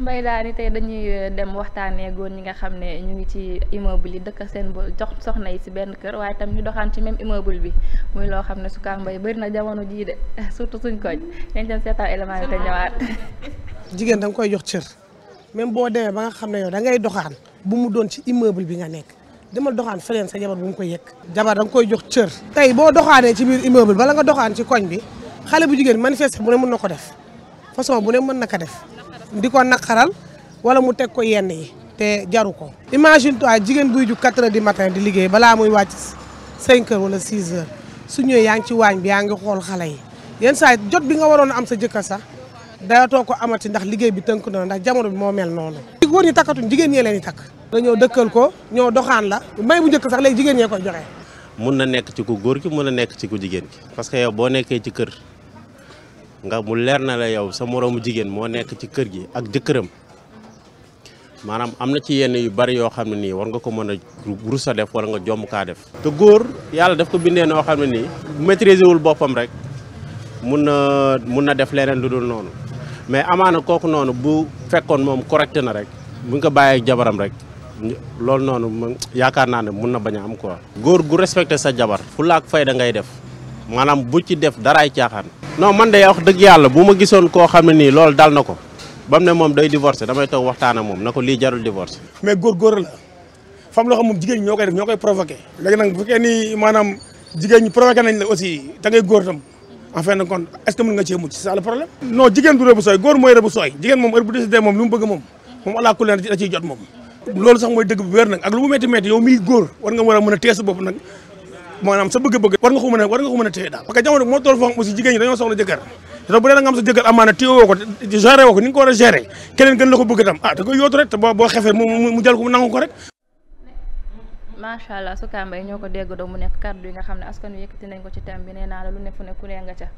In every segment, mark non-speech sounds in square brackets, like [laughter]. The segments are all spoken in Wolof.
mbay daani tey dañuy euh, dem waxtaanee góor ñi nga xam ne ñu ngi ci immeuble yi dëkk seen bo jox soxna yi si benn kër waaye tam ñu doxaan ci même immeuble bi muy loo xam ne su kaa mbay bëri na jamono jii de [laughs] surtout suñ koñ dañ dem seetaan élément yi te [laughs] jigéen da nga koy jox cër même boo demee ba nga xam ne yow da ngay doxaan bu mu doon ci immeuble bi nga nekk demal doxaan feneen sa jabar bu mu koy yëkk. jabar da koy jox cër. tey boo doxaanee ci biir immeuble bala nga doxaan ci koñ bi xale bu jigéen manifester bu ne mun na ko def. façon bu ne mën na ko def di ko naqaral wala mu teg ko yenn yi te jaru ko imagine toi jigéen buy ju quatre di matin di liggéey balaa muy wàcc cinq heures wala six heures su ñëwee yaa ngi ci waañ bi yaa ngi xool xale yi yenn saa jot bi nga waroon am sa jëkkër sax dayatoo ko amati ndax liggéey bi tënk na ndax jamono bi moo mel noonu i góor ñi takkatuñ jigéen ñee leen di takk ñëw dëkkal ko ñëw doxaan la may bu njëkk sax léegi jigéen ñee ko joxe mun na nekk ci ku góor ki mun na nekk ci ku jigéen ki parce que yow boo nekkee ci kër nga mu leer na la yow sa moroomu jigéen moo nekk ci kër gi ak jëkkëram maanaam am na ci yenn yu bari yoo xam ne nii war nga ko mën a rus sa def wala nga jomm kaa def. te góor yàlla def ko bindee noo xam ne nii bu wul boppam rek mun na mun na def leneen lu dul noonu mais amaana kooku noonu bu fekkoon moom correct na rek bu nga ko bàyyee ak jabaram rek loolu noonu yaakaar naa ne mun na bañ am quoi. góor gu respecté sa jabar fu laak fay da ngay def. maanaam bu ci def daraay caaxaan. non man de wax dëgg yàlla bu ma gisoon koo xam ne nii loolu daal na ko ba mu ne moom day divorcé damay toog waxtaan ak moom na ko lii jarul divorce. mais góor-góor la fam loo xam moom jigéen ñi ñoo koy ñoo koy provoqué. léegi nag bu maanaam jigéen ñi provoqué nañ la aussi da ngay góor tam en fin de compte est ce nga cee mucc c'est ça le problème. non jigéen du rëbb sooy góor mooy rëbb sooy jigéen moom heure bu décidé moom li mu bëgg moom loolu sax mooy dëgg bu wér nag ak lu mu métti métti war nga war a mën a teesu bopp nag maanaam sa bëgg-bëgg war nga ko mën a war nga ko mën a téye moo toll foo xam aussi jigéen nga am sa jëkkër amaana téye woo a géré keneen gën la ah, rek te boo boo xefee mu jël ko nangu ko rek macha allah su kàmbay ñoo ko déggdoo mu nekk kàddu yi nga xam ne askan wi yëkkati nañ ko ci thème bi nee naa la lu ne fu ne ku ne ca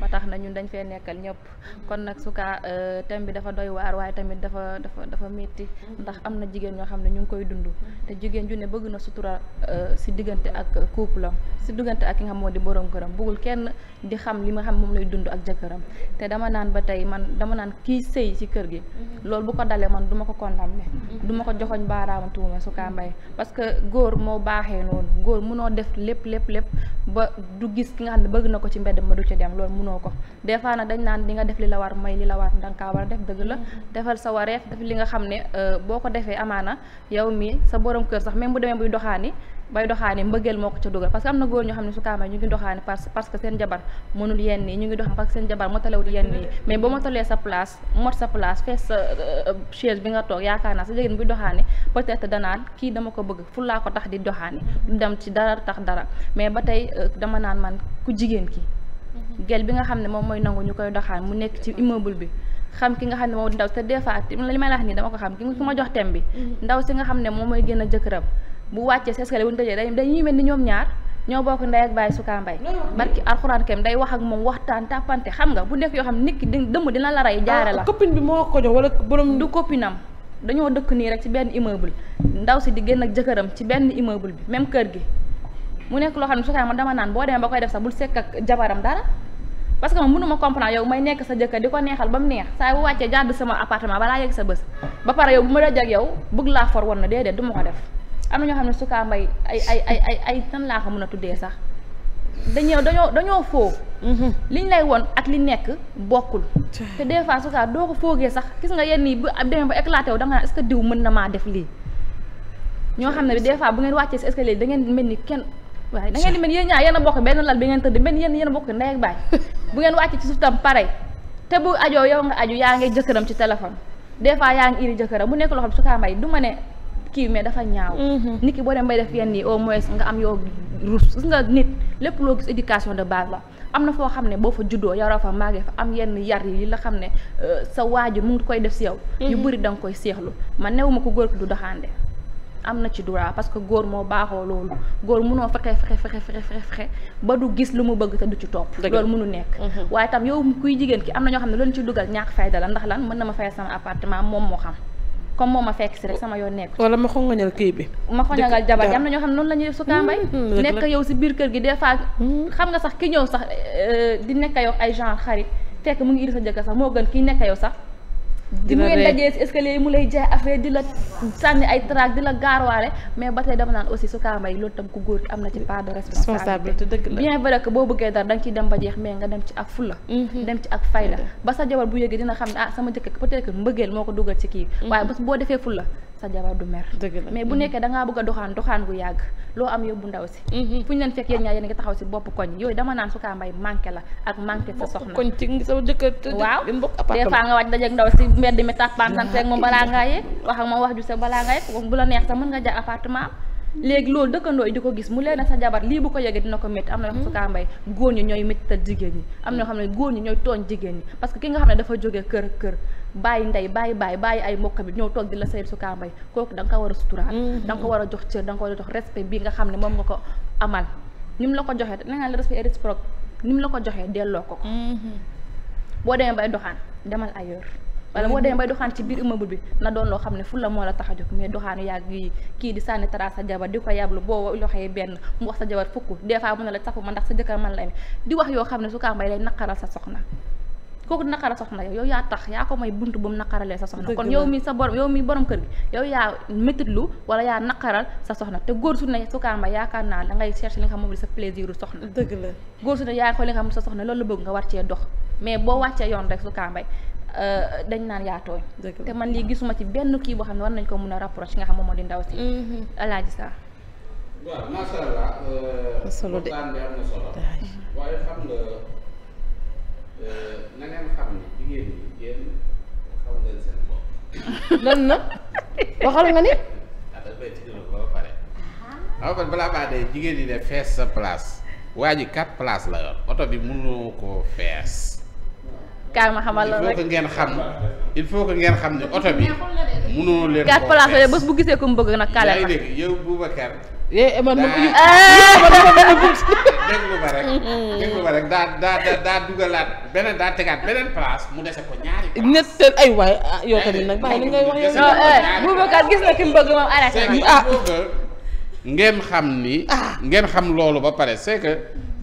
ba tax na ñun dañ fee nekkal ñëpp kon nag su kaa euh, thème bi dafa doy waar waaye tamit dafa dafa dafa metti ndax am na jigéen ñoo xam ne ñu ngi koy dund te jigéen ju ne bëgg na sutura euh, si diggante ak couple si diggante ak ki nga xam moo di borom këram bëggul kenn di xam li ma xam moom lay dund ak jëkkëram te dama naan ba tey man dama naan kii sëy ci kër gi loolu bu dalee man du ko condamné du ma ko joxoñ baaraamu tuuma su mbay parce góor moo baaxee noonu góor mënoo def lépp lépp lépp ba du gis ki nga xam ne bëgg na ko ci mbedd ma du ci dem loolu munoo ko des fois nag dañ naan li nga def li la war may li la war danga kaa war a def dëgg la mm-hmm. defal sa wareef def li nga xam ne euh, boo ko defee amaana yow mii sa borom kër sax même bu demee buy doxaani bay doxaane mbëggeel moo ko ca dugal parce que am na góor ñoo xam ne su kaamay ñu ngi doxaane parce que seen jabar mënul yenn yi ñu ngi doxaan parce que seen jabar motalewul yenn yi mais boo motalee sa place mot sa place fees sa euh, euh, chaise bi nga toog yaakaar naa sa jigéen buy doxaane peut-être danaan kii dama ko bëgg fu laa ko tax di doxaane du dem ci dara tax dara mais ba tey euh, dama naan man ku jigéen ki gel bi nga xam ne moom mooy nangu ñu koy doxaan mu nekk ci immeuble bi xam ki nga xam ne moom ndaw te des xam ki ma jox bi mm-hmm. ndaw si nga xam ne moom mooy génn jëkkëram bu wàccee si escalier bu ñu tëjee dañuy mel ni ñoom ñaar ñoo bokk ndey ak bàyyi sukaa mbay barki alxuraan kem day wax ak moom waxtaan tàppante xam nga bu nekk yoo xam nit ki di dëmm dina la rey jaare la ah, copine bi moo ko jox wala borom du copinam dañoo dëkk nii rek ci benn immeuble ndaw si di génn ak jëkkëram ci benn immeuble bi même kër gi mu nekk loo xam ne sukaa ma dama naan boo demee ba koy def sax bul sekk ak jabaram dara parce que moom mënu ma comprendre yow may nekk sa jëkkër di ko neexal ba mu neex saa bu wàccee jàdd sama appartement balaa yegg sa bës ba pare yow bu ma dajak yow bëgg laa for woon na déedéet du ma ko def am na ñoo xam ne Souka Mbaye ay ay ay ay laa ko mën a tuddee sax dañoo dañoo dañoo foo. Mhm. liñ lay won ak li nekk bokkul. te des fois Souka doo ko foogee sax gis nga yenn yi bu demee ba éclaté wu da nga naan diw mën na maa def lii. ñoo xam ne bi des fois bu ngeen wàccee si escalier da ngeen mel ni kenn. waaye da ngeen mel yéen ñaar yéen a bokk benn lal bi ngeen tëdd benn yéen yéen a bokk ndey ak baay bu ngeen wàccee ci suuf tam pare te bu ajoo yow nga aju yaa ngay jëkkëram ci téléphone des fois yaa ngi loo xam Souka Mbaye du ma ne kii mais dafa ñaaw mhm. nit ki boo dem bay def yenn yi au moins nga am yoo rus gis nga nit lépp loo gis de base la am na foo xam ne boo fa juddoo yaroo fa màggee am yenn yar yi la xam ne euh, sa mu ngi koy def si yow mhm. yu bëri da nga koy seexlu man newuma ko góor du doxaande am na ci droit parce que góor moo baaxoo loolu góor mënoo fexe fexe fexe fexe fexe ba du gis lu mu bëgg te du ci topp loolu mënu nekk mhm. waaye tam yow kuy jigéen ki am na ñoo xam ne loolu ci dugal ñàkk fayda la ndax lan mën na ma fay sama appartement moom moo xam comme moo ma fekk si rek sama yoon nekk wala ma xongañal kii bi ma xongañal jabar am na ñoo xam ne noonu la ñuy sutaambay mm, mm, nekk yow si biir kër gi des fois mm. xam nga sax ki ñëw sax euh, di nekk yow ay genre xarit fekk mu ngi indi sa jëkkër sax moo gën ki nekk yow sax di mu ngeen dajee si escalier yi mu lay jaay affaire di la sànni ay trac di la mais ba tey dama naan aussi su kaa mbay loolu tam ku góor ki am na ci part de responsabilité dëgg la bien vrai boo bëggee dara da nga ciy dem ba jeex mais nga dem ci ak fulla mhm. dem ci ak fayda ba sa jabar bu yëgee dina xam ne ah sama jëkkër peut-être que mbëggeel moo ko dugal ci kii mhm. waaye boo defee fulla sa jabar du mer mais bu mm-hmm. nekkee da ngaa bëgg doxaan doxaan gu yàgg loo am yóbbu ndaw si mm-hmm. fu ñu leen fekk yéen ñaar a ngi taxaw si bopp koñ yooyu dama naan su kaa mbay manqué la ak manqué sa soxna wax ak sa balaa ngaa yee bu mën nga jaar appartement léegi loolu dëkkandoo yi di ko gis mu leen sa jabar lii bu ko yëgee dina na yoo xam ne su kaa mbay ñooy métti jigéen ñi am na yoo xam ne góor ñi jigéen ñi parce que ki nga xam ne dafa jógee kër kër bàyyi ndey bàyyi bàyyi bàyyi ay mbokkam ñëw toog di la sayal su kaambay kooku da nga ko war a suturaal mm-hmm. da nga ko war a jox cër da nga ko war a jox respect bi nga xam ne moom nga ko amal ni mu la ko joxee na la respect réciproque ni mu la ko joxee delloo ko ko mm-hmm. boo demee bay doxaan demal ailleurs wala boo mm-hmm. demee bay doxaan ci biir immeuble bi na doon loo xam ne fu la moo la tax a mais doxaanu yàgg yi kii di sànni tara sa jabar di ko yàblu boo loxee benn mu wax sa jabar fukk des fois mun na la safu ma ndax sa jëkkër man la amee di wax yoo xam ne su kaambay lay naqaral sa soxna kooku naqara soxna yow yow yaa tax yaa ko may buntu ba mu naqaralee sa soxna kon yow mi sa borom yow mi borom kër gi yow yaa métitlu wala yaa naqaral sa soxna te góor su ne sukaarma yaakaar naa da ngay chercher li nga sa plaisir soxna dëgg la góor su ne yaa ko li nga xam sa soxna loolu bëgg nga war dox mais boo wàccee yoon rek sukaambay euh, dañ naan yaa tooñ te man lii gisuma ci benn kii boo xam ne war nañ ko mun a rapproché nga xam moom moo di ndaw si mm-hmm. alaaji sa waaw yéen yéen xam ngeen seen bopp. lan na waxal nga ni. ah ba ah, balaa maa dee jigéen ñi ne fees sa place waa ji quatre places la yor oto bi mënuloo ko fees. kaay ma xamal la rek il faut que ngeen xam il ne oto bi mënuloo leen koo fees la bés bu gisee ko mu bëgg nag. kaale ma yaa ngi dégg yow Boubacar. eh man eh, man. [laughs] [laughs] déglu ma mm-hmm. daa daa daa dugalaat beneen daa tegaat beneen place mu dese ko ñaari. ñetteel ay waay ah yow tamit nag bàyyi eh, ah. ngeen xam ni. Ah. ngeen xam loolu ba pare c'est que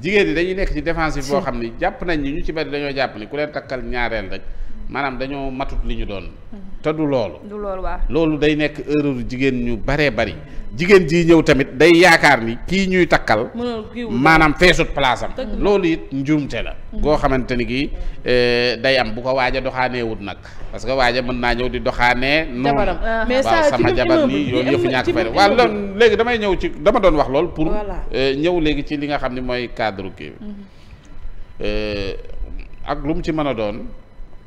jigéen yi dañuy nekk ci défensive boo xam ni jàpp nañ ni ñu ci bari dañoo jàpp ni ku leen takkal ñaareel rek. maanaam dañoo matut li ñu doon. Mm-hmm. te du loolu. loolu day nekk erreur jigéen ñu baree bari jigéen jii ñëw tamit day yaakaar ni kii ñuy takkal. maanaam feesut place loolu it njuumte la. Mm-hmm. goo xamante ni kii eh, day am bu ko waaj a wut nag parce que waaj a mën naa ñëw di doxaanee. jabaram ah. mais sama jabar nii yooyu yëfu ñàkk fay waaw loolu léegi damay ñëw ci dama doon wax lool pour. Eh, ñëw léegi ci li nga xam ne mooy cadre kii. Mm-hmm. Eh, ak lu mu ci mën a doon.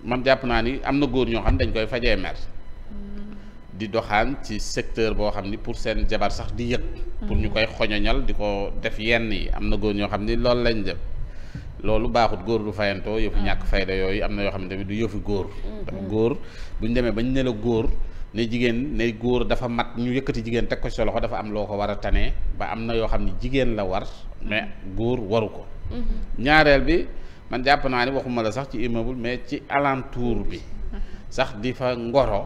man jàpp naa ni am na góor ñoo xam ne dañ koy fajee mer mm. di doxaan ci secteur boo xam ni pour seen jabar sax di yëg pour ñu mm. koy xoñoñal di ko def yenn yi am na góor ñoo xam ni loolu lañ dem loolu baaxut góor du fayantoo yëfu ñàkk mm. fayda yooyu am na yoo xam ne tamit du yëfu góor mm-hmm. dafa góor bu ñu demee bañ ne la góor ne jigéen ne góor dafa mat ñu yëkkati jigéen teg ko ci loxo dafa am loo ko war a tane ba am na yoo xam ne jigéen la war mais góor waru ko mm-hmm. man jàpp naa ni waxuma la sax ci immeuble mais ci alentour bi sax di fa ngoro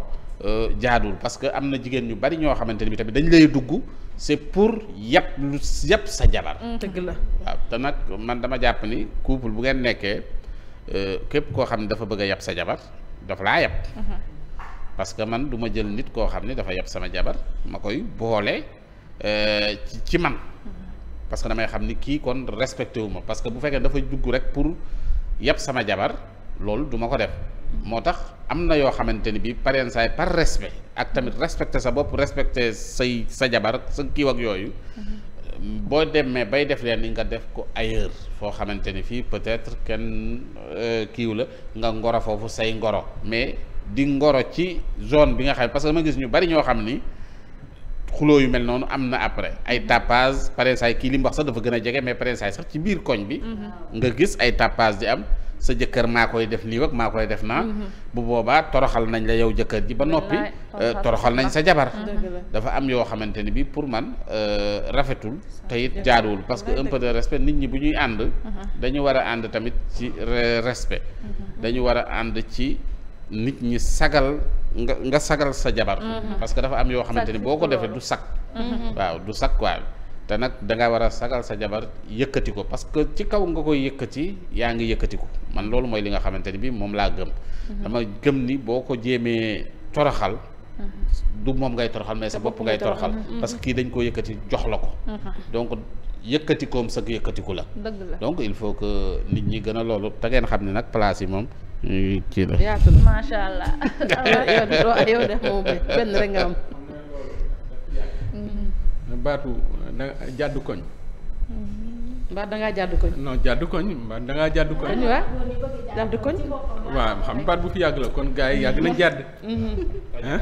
euh, jaadul parce que am na jigéen ñu bari ñoo xamante ni bi tamit dañ lay dugg c'est pour yàpp lu yàpp sa jabar mm-hmm. dëgg la te nag man dama jàpp ni bu ngeen nekkee euh, képp koo xam ne dafa bëgg a sa jabar dafa laa yàpp mm-hmm. parce man duma jël nit koo xam ne dafa yàpp sama jabar ma koy boole euh, ci man mm-hmm. parce que damay xam ni kii kon respecté wu ma parce que bu fekkee dafa dugg rek pour yëpp sama jabar loolu duma ko def moo tax am na yoo xamante ni bi pareen saay par respect ak tamit respecté sa bopp respecté say sa jabar sa kiiw ak yooyu mm-hmm. boo demee bay def leen ni nga def ko ailleurs foo xamante ni fii peut-être kenn euh, kiiw la nga ngoro foofu say ngoro mais di ngoro ci zone bi nga xam parce que dama gis ñu bari ñoo xam ni xuloo yu mel noonu am na après ay mhm. tapage parensaay kii li mu wax sax dafa gën a jege mais parensaay sax ci biir koñ bi mhm. nga gis ay tapage di am sa jëkkër maa koy def nii ak maa koy def naa mhm. bu boobaa toroxal nañ la yow jëkkër ji ba noppi euh, toroxal nañ sa jabar dafa am yoo xamante ni bi pour man euh, rafetul te it jaaduwul parce que un peu de respect nit ñi bu ñuy ànd dañu war a ànd tamit ci respect dañu war a ànd ci nit ñi sagal nga nga sagal sa jabar. Mm-hmm. parce que dafa am yoo xamante ni boo ko defee du sag. Mm-hmm. waaw du sag waaw te nag da nga war a sagal sa jabar yëkkati ko parce que ci kaw nga koy yëkkati yaa ngi yëkkati ko man loolu mooy li nga xamante ni bii moom laa gëm. Mm-hmm. dama gëm ni boo ko jéemee toroxal. du moom ngay toroxal mais sa bopp ngay toroxal. parce que kii dañ koo yëkkati jox la ko. donc yëkkatikoom sag yëkkatiku la. dëgg la donc il faut que nit ñi gën a loolu te ngeen xam ne nag place yi moom. kii la yaatul macha allah yow def moom benn rek nga am. baatu da jàddu koñ. mbaa dangaa jàdd jàddu koñ. non jàddu koñ mbaa da ngaa koñ. waa jàddu koñ. waaw xam baat bu fi yàgg la kon gars yi yàgg na jàdd. Hmm. ah.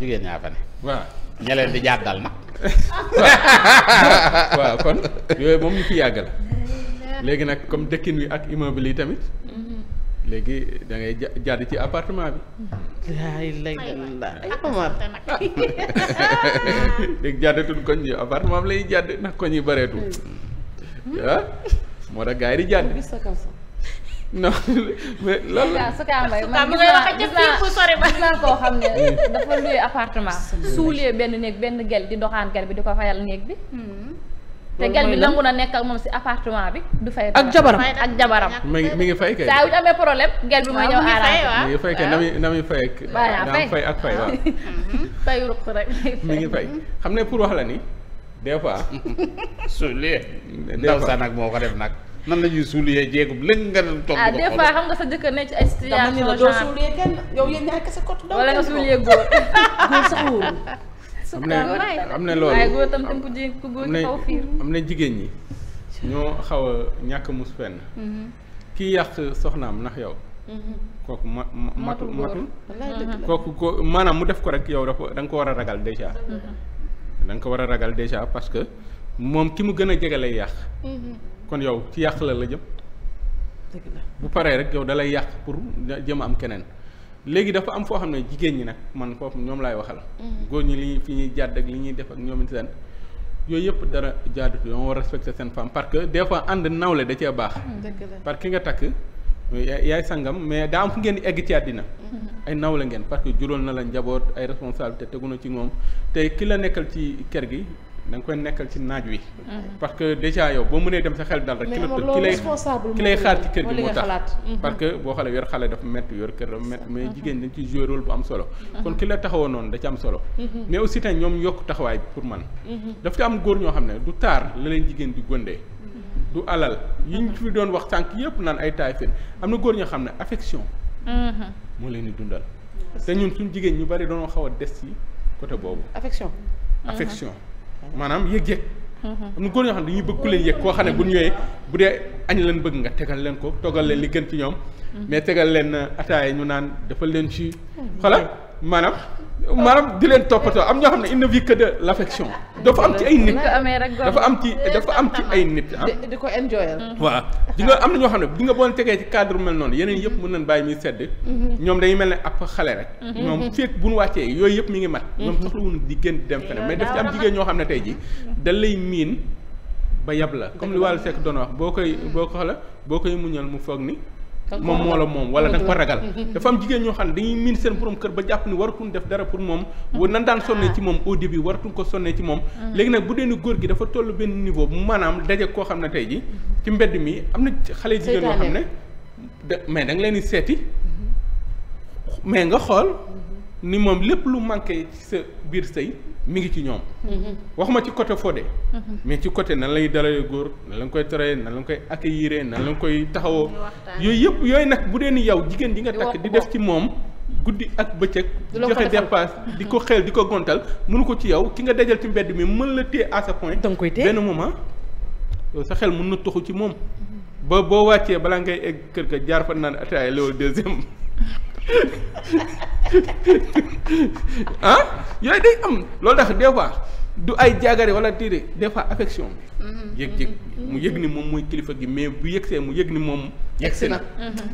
jigéen ñaa fa ne. waaw ña leen di jàddal nag. [laughs] waaw kon yooyu moom ñu fi yàgg la. léegi nag comme dëkkin wi ak immeuble yi tamit. Hmm. léegi da jàdd ci apartement bi. alhamdulilah Omar. [laughs] léegi koñ yi appartement bi lay jàdd ndax koñ yi bareetul. Hmm? ah moo tax gars di jàdd. non mais loolu la. suka mbay man gis naa koo xam ne dafa luy suulee benn néeg benn gel di doxaan gel bi di ko fayal néeg bi. Hmm. te gel bi nangu na nekk ak moom si appartement bi du fay. ak jabaram ak jabaram. mi ngi mi ngi fay kay. saa yu amee problème gel bi mooy ah, ñëw aaraat. waaw mi ngi fay na na muy fay ak. fay ak fay waaw. [laughs] fay ruq ngi fay xam ne pour wax la ni des fois. suulee. [laughs] ndaw sa nag moo ko def nag. nan la ñuy suulee jéegum lëng nga toog. ah des fois xam nga sa jëkkër ne ci ay situation genre doo [laughs] sax wóorul. am na am na loolu am na jigéen ñi ñoo xaw a ñàkk mus fenn mm-hmm. kii yàq soxnaam ndax yow mm-hmm. kooku ma matu matu mm-hmm. kooku ko maanaam mu def ko rek yow dafa da nga ko war a ragal déjà da ko war a ragal déjà parce que moom ki mu gën a jege lay yàq kon yow ci yàq la la jëm bu paree rek yow dalay yàq pour jëm am keneen léegi dafa am foo xam ne jigéen ñi nag man foofu ñoom laay waxal. Mm-hmm. góor ñi li fi ñuy jàdd ak li ñuy def ak ñoom it seen yooyu yëpp dara jaadut yoo war a respecté seen femme parce que des fois ànd nawle da cee baax. Mm-hmm. parce que ki nga takk yaay sangam mais daa am fu ngeen egg ci àddina. Mm-hmm. ay nawle ngeen parce que juróol na la njaboot ay responsabilité tegu na ci moom tey ki la nekkal ci kër gi da nga koy nekkal ci naaj wi. Mm-hmm. parce que déjà yow boo mënee dem sa xel dal rek. ki lay ki lay xaar ci kër gi moo tax mm-hmm. parce que boo xoolee yor xale dafa métti yor kër dafa métti mais mm-hmm. jigéen dañ ciy jouer rôle bu am solo. kon ki la taxawoo noonu da ci am solo. mais aussi tamit ñoom yokk taxawaay pour man. daf ci am góor ñoo xam ne du taar la leen jigéen di gondee. du alal yi ñu fi doon wax sànq yëpp naan ay taay fen am na góor ñoo xam ne affection. moo leen di dundal. te ñun suñu jigéen ñu bari doonoo xaw a des ci côté boobu. affection affection. maanaam yëg-yëg am na góor ñoo xam ne dañuy bëgg ku leen yëg koo xam ne bu ñu ñëwee bu dee añ leen bëgg nga tegal leen ko toggal leen li gën ci ñoom mm-hmm. mais tegal leen ataaya ñu naan defal leen ci mm-hmm. xala maanaam maanaam di leen toppatoo am ñoo xam ne il ne vit que de l'affection dafa am ci ay nit dafa am ci dafa am ci ay nit ah di ko enjoyal waa mm-hmm. di nga am na ñoo xam ne di nga boon tegee ci cadre mel noonu yeneen yëpp mën nañ bàyyi muy sedd mm-hmm. ñoom dañuy mel ne ab xale rek mm-hmm. ñoom fekk bu ñu wàccee yooyu yëpp mu ngi mat ñoom soxlawuñu di gën di dem feneen mais daf ci am jigéen ñoo xam ne tey ji da lay miin ba yab la comme li wàllu sekk doon wax boo koy boo ko xoola boo koy muñal mu foog ni moom moo la moom wala da nga ko ragal [laughs] dafa am jigéen ñoo xam ne dañuy miin seen borom kër ba jàpp ni waratuñ def dara pour moom mm-hmm. nan daan sonne ci moom au début waratuñ ko sonne ci moom mm-hmm. léegi nag bu dee ni góor gi dafa toll benn niveau bu maanaam daje koo xam ne tey ji mm-hmm. ci mbedd mi am na xale jigéen yoo xam ne mais danga leen di seeti mais nga xool ni moom lépp lu manqué ci sa biir sëy mi ngi ci ñoom. Mm-hmm. waxuma ci côté foode mm-hmm. mais ci côté nan lay dalalee góor nan lañ koy teree nan lañ koy accueillir nan lañ koy taxawoo. yooyu yëpp yooyu nag bu dee ni yow jigéen ji nga takk di def ci moom. guddi ak bëccëg. joxe dépasse di ko xel di ko gontal mënu ko ci yow ki nga dajal ci mbedd mi mën la téye à ce point. da nga koy téye benn moment sa xel mun na toxu ci moom. ba boo wàccee balaa ngay egg kër ga jaar fa naan ataaya loolu [laughs] ah [laughs] yooyu day am loolu tax des fois du ay jagare wala tiire des fois affection bi. Mm-hmm. yëg-yëg mu yëg ni moom mooy kilifa gi mais bu yëg yëgsee mu yëg ni moom. yëgsi na mm-hmm.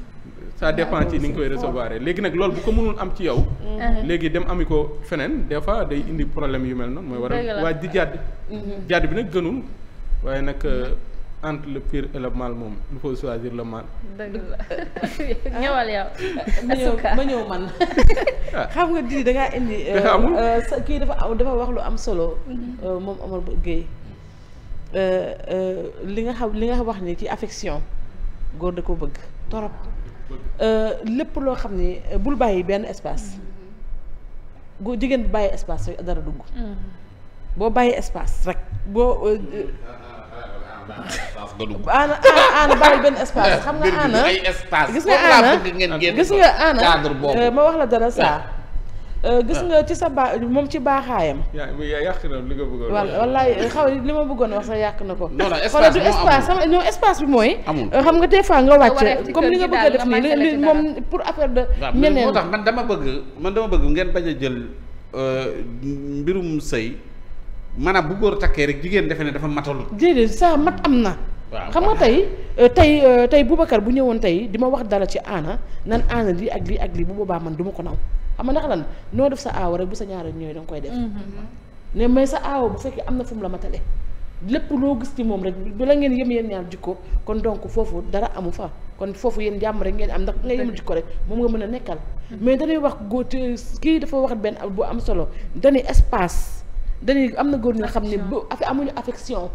ça dépend ci ni nga koy recevoir léegi nag loolu bu ko mënul am ci yow. Mm-hmm. léegi dem ami ko feneen des fois day indi problème yu mel noonu. mooy waral waa di jàdd jàdd bi nag gënul waaye nag. Euh, entre le pire et le mal moom il faut choisir le mal. dëgg la [laughs] ñëwal yow. Ah, ma ñëw man [laughs] ah. xam nga di da ngaa indi. [laughs] Euh, kii dafa dafa wax lu am solo. Mm-hmm. Euh, moom Omar Gueye. Euh, li nga xam li nga wax ni ci affection góor da ko bëgg torop lépp loo xam ni bul bàyyi benn espace mm-hmm. góor jigéen bi bàyyi espace rek dara dugg mm-hmm. boo bàyyi espace rek ana ana bàyyi benn espace xam nga ana gis nga ana gis nga ana euh, ma wax la dara saa euh, gis nga ci sa baa moom ci baaxaayam. yaa yàq na li nga bëggoon wax. wallaay xaw li ma bëggoon wax sax yàq na ko. non non espace moo espace sama non espace bi mooy. Euh, xam nga des fois nga wàcc. comme li nga bëgg a def nii li moom pour affaire de. ñeneen moo tax man dama bëgg man dama bëgg ngeen bañ a jël mbirum sëy maanaam bu góor takkee rek jigéen defe ne dafa matalut. déedéet ça mat am na. xam nga tey euh, tey euh, tey Boubacar bu ñëwoon tey di ma wax dara ci ana nan aana lii ak lii ak lii bu boobaa man du ma ko naw xam nga ndax lan noo def sa aawa bu sa ñaara ñëwee da koy def. Mhm. ne mais sa aawa bu fekkee am na fu la matale lépp loo gis ci moom rek du la ngeen yëm yéen ñaar jikko kon donc foofu dara amu fa kon foofu yéen jàmm rek ngeen am ndax nga yëm jikko rek moom nga mën a nekkal. Mhm. mais dañuy wax góor kii dafa wax benn bu am solo dañuy espace. dañuy am na góor na xam ne bu amuñu affection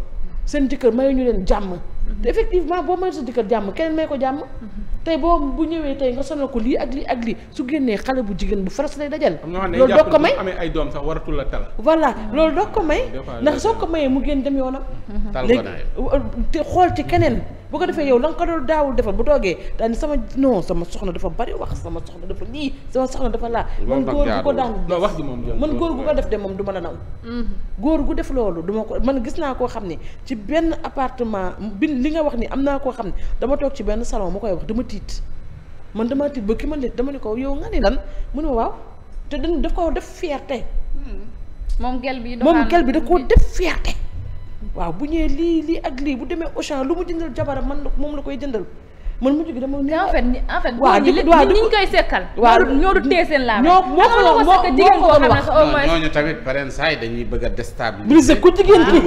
seen jëkkër mayuñu leen jàmm mm-hmm. te effectivement boo mayul sa jëkkër jàmm keneen may ko jàmm mm-hmm. tey boo bu ñëwee tey nga sonal ko lii ak lii ak lii su génnee xale bu jigéen bu faras lay dajal loolu doo ko may amee ay doom sax waratul la tal voilà mm-hmm. loolu doo ko may ndax soo ko mayee mu génn dem yoonam léegi te xool ci keneen bu ko defee yow la nga ko daawul defal bu toogee daal ni sama non sama soxna dafa bari wax sama soxna dafa lii sama soxna dafa laa man góor gu ko daan man góor gu ko def de moom du ma la naw mm-hmm. góor gu def loolu du ma ko man gis naa koo xam ne ci benn appartement bi li nga wax ni am naa koo xam ne dama toog ci benn salon mu koy wax dama tiit man dama tiit ba ki ma leen dama ne ko yow nga ni lan mu ne waaw te dañ daf ko def fierté mm-hmm. moom gel bi da koo def fierté waaw bu ñëwee lii lii ak lii bu demee Auchan lu mu jëndal jabaram man moom la koy jëndal man mujj gi dama. en fait en fait. waaw ñu ñu koy sekkal. waaw ñoo du tee seen laaj. ñoo moo ko tamit pareen dañuy bëgg a déstabiliser. ku jigéen ki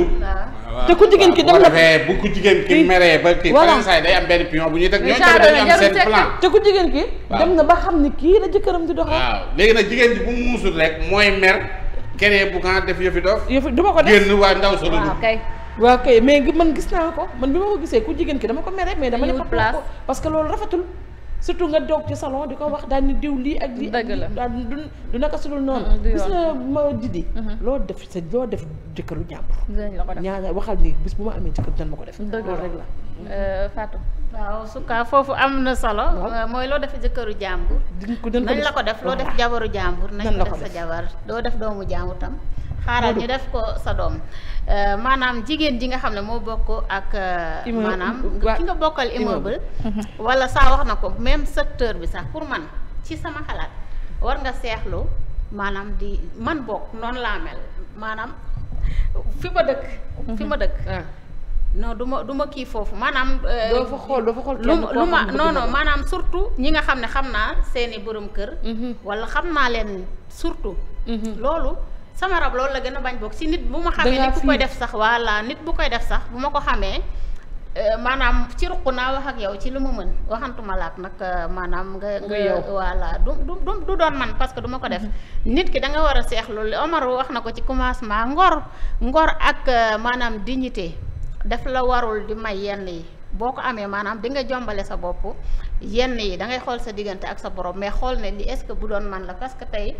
te ku jigéen ki dem na eh, jigéen ki meree ba saa yi day am bu ñuy teg ñooñu jigéen ki. dem na ba xam ni kii la jëkkëram di doxal. léegi nag jigéen ji bu mu muusul rek mooy mer. keneen bu nga def yëfi dof yëfi du ma ko def génn waa ndaw solo waaw kay waaw kay mais man gis naa ko man bi ma ko gisee ku jigéen ki dama ko mere mais dama ne ko parce que loolu rafetul surtout nga doog ci salon di ko wax daal ni diw lii ak lii dëgg la du du naka su dul noonu ah, gis na ma didi mhm. loo def sa loo def jëkkëru jàmbur ñaa waxal ni bis bu ma amee jëkkër dan ma ko def loolu rek la euh, Fatou waaw su kaa foofu am na solo. Euh, mooy loo def jëkkëru jàmbur. nañ la ko def loo def jabaru jàmbur. nañ la ko def sa jabar doo def doomu jàmbur tam. xaaral ñu def ko sa doom euh, maanaam jigéen ji nga xam ne moo bokk ak euh, maanaam ki nga bokkal immeuble mhm. wala saa wax na ko même secteur bi sax pour man ci sama xalaat war nga seexlu maanaam di man bokk noonu laa mel maanaam fi ma dëkk fi ma mhm. dëkk ah. non du ma du ma kii foofu maanaam. Euh, doo fa xool doo fa xool kenn lu ma non maanaam surtout ñi nga xam ne xam naa seeni borom kër. Mhm. wala xam naa leen surtout. Mhm. loolu sama rab loolu la gën a bañ bokk si nit bu ma xamee nit bu koy def sax walla nit bu koy def sax bu ma ko xamee. Euh, maanaam ci ruq naa wax ak yow ci lu ma mën waxantuma laat nag euh, maanaam nga nga voilà doon man parce que du ma ko def mhm. nit ki da nga war seex loolu Omar wax na ko ci commencement ngor ngor ak maanaam dignité daf la warul di may yenn yi boo ko amee maanaam di nga jombale sa bopp yenn yi dangay xool sa diggante ak sa borom mais xool ne li est-ce que bu doon man la parce que tey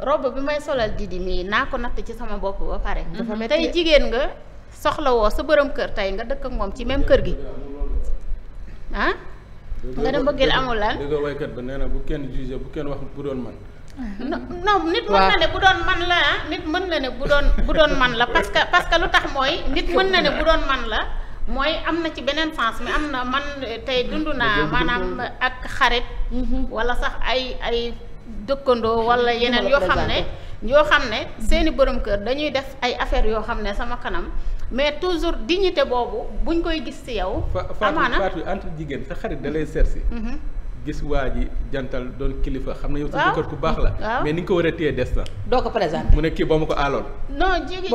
robe bi may solal di di mii naa ko natt ci sama bopp ba pare. Mhm. tey jigéen nga soxla woo sa borom kër tey nga dëkk ak moom ci même kër gi ah. nga dem bëggeel amul lan. déggoo waykat ba na bu kenn jugé bu kenn wax bu doon man non non nit mën na ne bu doon man la nit mën na ne bu doon bu doon man la parce que parce que lu tax mooy nit mën na ne bu doon man la mooy am na ci beneen sens mais am na man tey dund naa maanaam ak xarit mhm. wala sax ay ay dëkkandoo wala yeneen yoo xam ne yoo xam ne seeni borom kër dañuy def ay affaires yoo xam ne sama kanam mais toujours dignité boobu buñ koy gis ci yow amaana jigéen sa xarit da si mhm. gis waa ji jantal doon kilifa xam na yow sa jëkkër ku baax la mais ni nga ko war a téye des na doo ko présenté mu ne kii ba mu ko aaloon non jigéen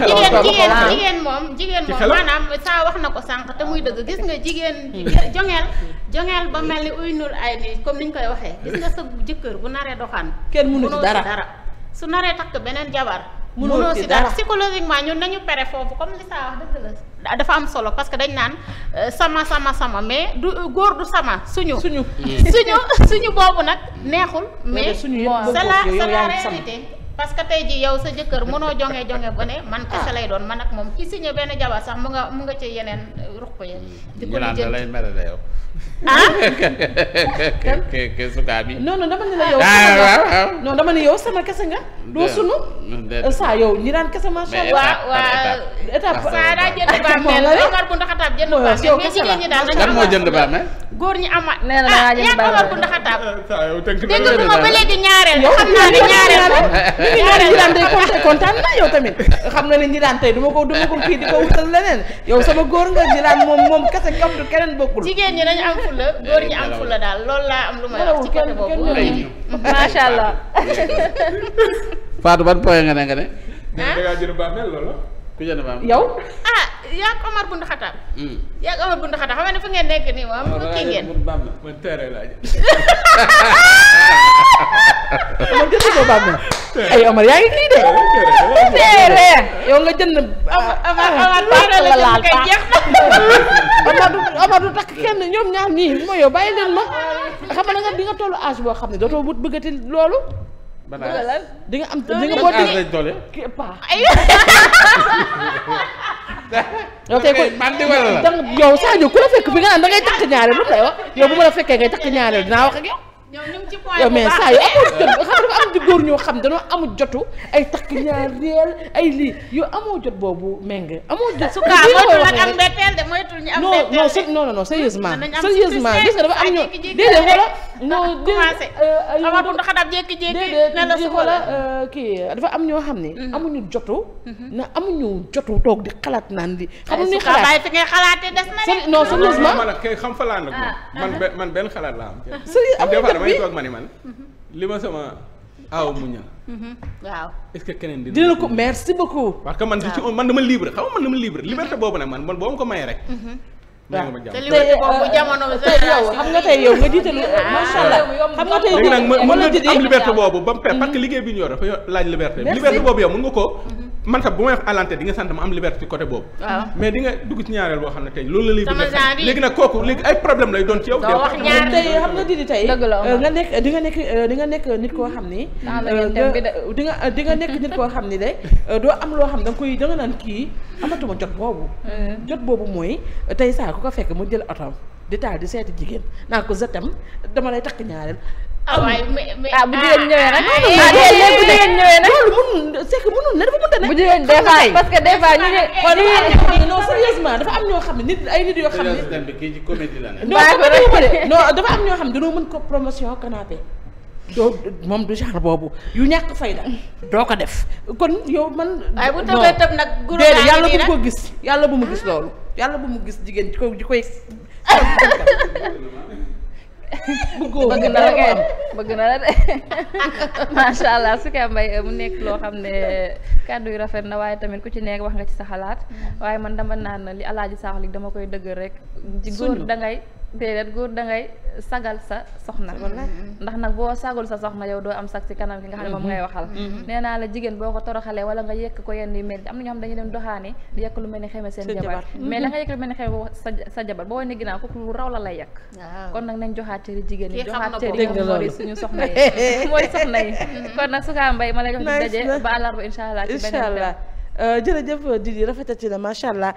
jigéen jigéen moom jigéen moom maanaam saa wax na ko sànq te muy dëgg gis nga jigéen jongeel jongeel ba mel ni uy nul ay ni comme ni ñu koy waxee gis nga sa jëkkër bu naree doxaan kenn mënu dara dara su naree takk beneen jabar mënoo si dara psychologiquement ñun nañu pere foofu comme li saa wax dëgg la dafa am solo parce que dañ naan euh, sama sama sama mais du euh, góor du sama suñu suñu [laughs] suñu suñu boobu nag neexul mais c'est la c'est sama réalité parce que tey ji yow sa jëkkër mënoo jonge jonge bu ne man kese ah. lay doon man ak moom ki signé benn jabar sax mu nga mu nga ci yeneen ruq ya di ko lijjanti lay mere la yow ah? [laughs] bi non non dama ne la yow ah, nga doo sunu saa ñi daan kese macha allah waaw waaw étape saa daa jënd bàmmeel Omar góor ñi ama. nee na dangaa jël bari ah bu ndax a taab. saa yow ba léegi ñaareel. xam naa ne ñaareel la ñaareel ñi daan tey kontaan na yow tamit xam nga ne ñi daan tey du ma ko du ko kii di ko wutal leneen yow sama góor nga ñi daan moom moom kese kam du keneen bokkul. jigéen ñi dañu am fula góor ñi am fula daal lool laa am lu ma wax ci côté boobu. Mm-hmm. macha allah. [laughs] Fatou ban point nga ne nga ne. ah da ku jënd maam yow. ah yaa ngi Omar Bund Xataab. yaa ngi Omar Bund Xataab xam nga ne fu ngeen nekk nii moom. kii ngeen man teere laa jël. man jënd ko baax na. ay Omar yaa ngi kii de. teere yow nga jënd. Omar Omar Omar la kay jeex Omar du Omar du takk kenn ñoom ñaar nii mooy yow bàyyi leen ma. xam nga di tollu âge boo xam ne dootoo wut bëggati loolu. balaa di am di nga boo di paa yow tey ko [laughs] yow Sadio ku la fekk fi nga naan da ngay takk ñaareel lu mu lay wax yow bu ma la fekkee ngay takk ñaareel dinaa wax ak yow yow mais saa yu amoo jot xam dafa am di góor ñoo xam dañoo amul jotu ay takk ñaareel ay lii yow amoo jot boobu méng amoo jot su kaa moytu nag am non non non non sérieusement sérieusement gis nga dafa am ñoo déedéet wala non déedéet wala euh, euh, kii dafa am ñoo xam ne mhm. amuñu jotu mhm. na amuñu jotu toog di xalaat naan di xamuñu ni xalaat non sérieusement man kay xam fa laa nag ah, man ah. man benn xalaat laa am sérieux am des damay toog ma ni man mhm. li ma sama aw mu ña waaw est-ce que keneen dina la ko merci beaucoup parce que man di ci man dama libre xam nga man dama libre liberté boobu nag man man ma rek tey yow xam nga tey yow nga jiital macha allah xam nga tey léegi nag mën nga am liberté boobu ba mu liggéey bi ñoo yor dafa laaj liberté liberté boobu yow mën nga ko man sax bu may wax alante di nga sant ma am liberté ci côté boobu. mais di nga dugg ci ñaareel boo xam ne tey loolu la lay. bëgg léegi nag kooku léegi ay problème lay doon ci yow. doo wax ñaar tey xam nga di tey. Euh, nga nekk di nga nekk euh, nga nekk nit koo xam ni. Euh, di nga di nga nekk nit koo xam ni de doo am loo xam da nga koy da naan kii amatuma jot boobu. jot boobu mooy tey saa ku ko fekk mu jël otoom di taal di seeti jigéen naa ko zatam dama lay takk ñaareel waaye ah, ah bu jigéen ñëwee nag. loolu mënul c'est que na dafa mënta ne. bu jigéen des fois parce que des fois ñu ne. xool sérieusement dafa am ñoo xam ne nit ay nit yoo xam ne. système bi kii ci ne. non dafa am ñoo xam ne dañoo mën ko promotion canapé. doo moom du genre boobu yu ñàkk fayda doo ko def kon yow man. waaye bu tëbee tëb nag. guro yàlla bu mu ko gis yàlla bu mu gis loolu. yàlla bu mu gis jigéen ji ko ji koy. [laughs] bëgg na la kay bëgg na la de macha allah su ka mbay mu nekk loo xam ne kàddu yu rafet na waaye tamit ku ci nekk wax nga ci sa xalaat mm. waaye man dama naan li alaaji saax li dama koy dëgg rek ci góor dangay déedéet góor da ngay sagal sa soxna ndax nag boo sagul sa soxna yow doo am sag ci kanam ki nga xam ne moom ngay mm-hmm. waxal mm-hmm. nee naa la jigéen boo ko toroxalee wala nga yekk ko yenn yu mel am na ñoo xam dañuy dem doxaani di yekk lu mel ni xeme seen jabar mm-hmm. mais la nga yekk lu mel ni xeme sa sa jabar boo ne ginnaaw kooku lu raw la lay yekk kon nag nañ joxaat cëri jigéen yi joxaat cëri mooy suñu [laughs] soxna yi mooy soxna yi kon nag Souka Mbaye ma lay jox di daje ba àllarba incha allah ci beneen